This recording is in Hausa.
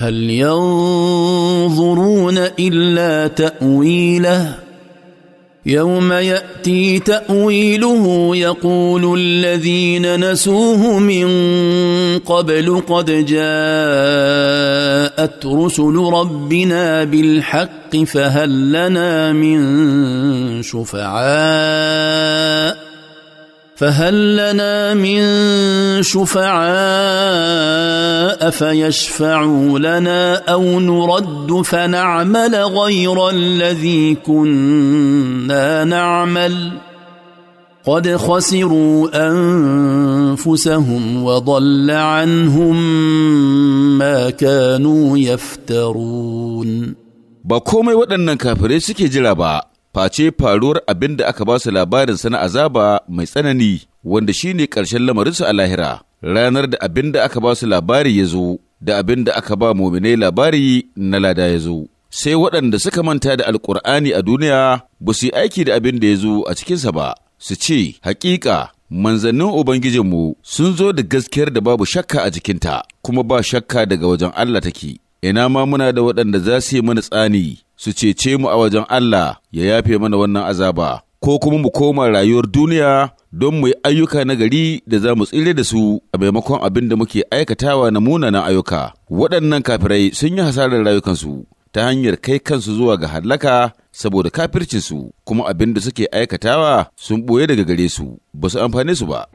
هل ينظرون الا تاويله يوم ياتي تاويله يقول الذين نسوه من قبل قد جاءت رسل ربنا بالحق فهل لنا من شفعاء فهل لنا من شفعاء افيشفعوا لنا او نرد فنعمل غير الذي كنا نعمل قد خسروا انفسهم وضل عنهم ما كانوا يفترون ba komai waɗannan kafirai suke jira ba face faruwar abin da aka ba su labarinsa na azaba mai tsanani wanda shine ƙarshen lamarinsu a lahira ranar da abin da aka ba su labari ya zo da abin da aka ba muminai labari na lada ya zo sai waɗanda suka manta da Alƙur'ani a duniya ba su yi aiki da abin da ya zo a cikinsa ba su ce hakika manzannin ubangijinmu sun zo da gaskiyar da babu shakka a jikinta kuma ba shakka daga wajen Allah take ina ma muna da waɗanda za su yi mana tsani su cece mu a wajen Allah ya yafe mana wannan azaba ko kuma mu koma rayuwar duniya don mu yi ayyuka na gari da za mu tsire da su a maimakon abin da muke aikatawa na munanan ayyuka. Waɗannan kafirai sun yi hasarar rayukansu ta hanyar kai kansu zuwa ga hallaka saboda kafircinsu kuma abin da suke aikatawa sun ɓoye daga gare su, ba su amfane su ba.